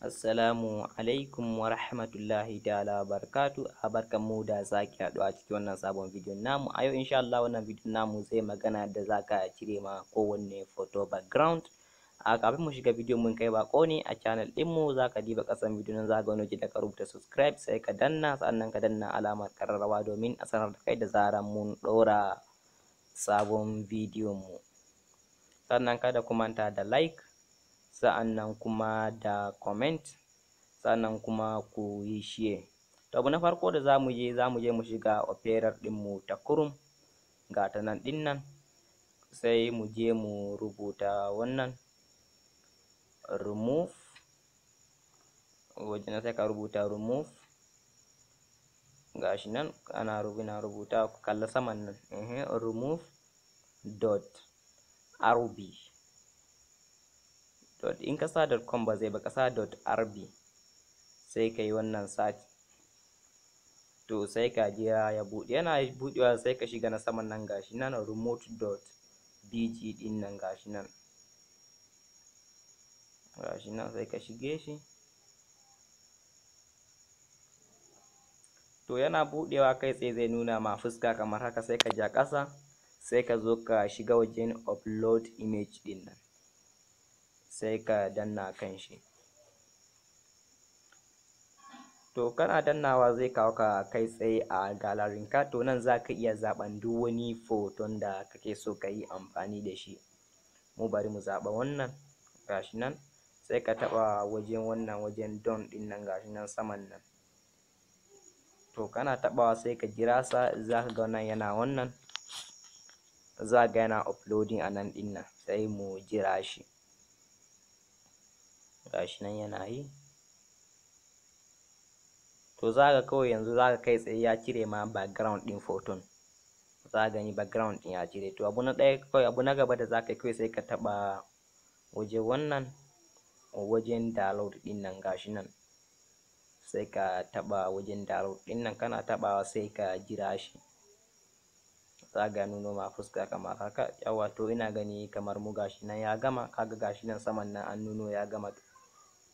Assalamu alaikum wa rahmatullahi ta'ala barkatu a barkan mu da zaki haɗu a cikin wannan sabon bidiyon namu a yau insha Allah wannan bidiyon namu zai magana da zaka cire ma kowanne photo background a kafin mu shiga bidiyon mun kai bako ne a channel din mu zaka diba kasan bidiyon nan zaka wani da ka rubuta subscribe sai ka danna sannan ka danna alamar kararrawa domin a sanar da kai da zaran mun ɗora sabon bidiyon mu sannan kada ku manta da like sa'annan kuma da comment sa'annan kuma ku yi share to abu na farko da zamu je mu je mu shiga operar ɗinmu ta kurum ga ta nan ɗin nan sai mu je mu rubuta wannan remove wajen sai ka rubuta remove gashi nan ana rubuta rubuta kalla saman nan remove dot rb in ka sa dot com ba zai ba ka sa dot rb sai ka yi wannan search to sai ka jira ya buɗe yana buɗewa sai ka shiga na saman nan gashi nan remote dot bg din nan gashi nan gashi nan sai ka shige shi to yana buɗewa kai tsaye zai nuna ma fuska kamar haka sai ka ja ƙasa sai ka zo ka shiga wajen upload image ɗin nan sai ka danna kan shi to kana dannawa zai kawo ka kai tsaye a galarin ka to nan za ka iya zaɓen duk wani foton da kake so ka yi amfani da shi mu bari mu zaɓa wannan gashi nan sai ka taɓa wajen wannan wajen don ɗin nan gashi nan saman nan to kana taɓawa sai ka jira sa za ka ga wannan yana wannan za ga yana uploading a nan ɗin sai mu jira shi gashi nan yana yi to za ka kawai yanzu za ka kai tsaye ya cire ma background din photon za gani background din ya cire to abu na ɗaya kawai abu na gaba da za ka kai sai ka taɓa waje wannan wajen download ɗin nan gashi nan sai ka taɓa wajen download ɗin nan kana taɓawa sai ka jira shi za ga nuno ma fuska kamar haka yawa to ina gani kamar mu gashi nan ya gama kaga gashi nan saman nan an nuno ya gama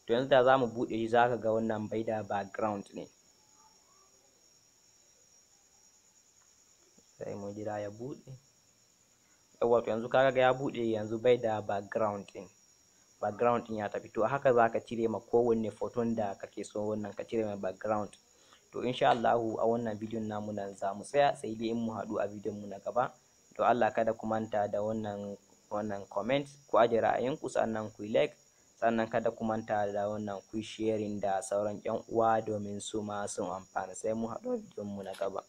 to yanzu da za mu buɗe shi za ka ga wannan bai da background ne sai mu jira ya buɗe yawwa to yanzu kaga ya buɗe yanzu bai da background ɗin background ɗin ya tafi to haka za ka cire ma kowanne photon da kake so wannan ka cire mai background to insha Allahu a wannan bidiyon namu nan za mu tsaya sai dai in mu haɗu a bidiyon mu na gaba to Allah kada ku manta da wannan wannan comment ku ra'ayin ku sannan ku like sannan kada ku manta da wannan ku sharing da sauran yan uwa domin su ma sun amfana sai mu haɗu mu na gaba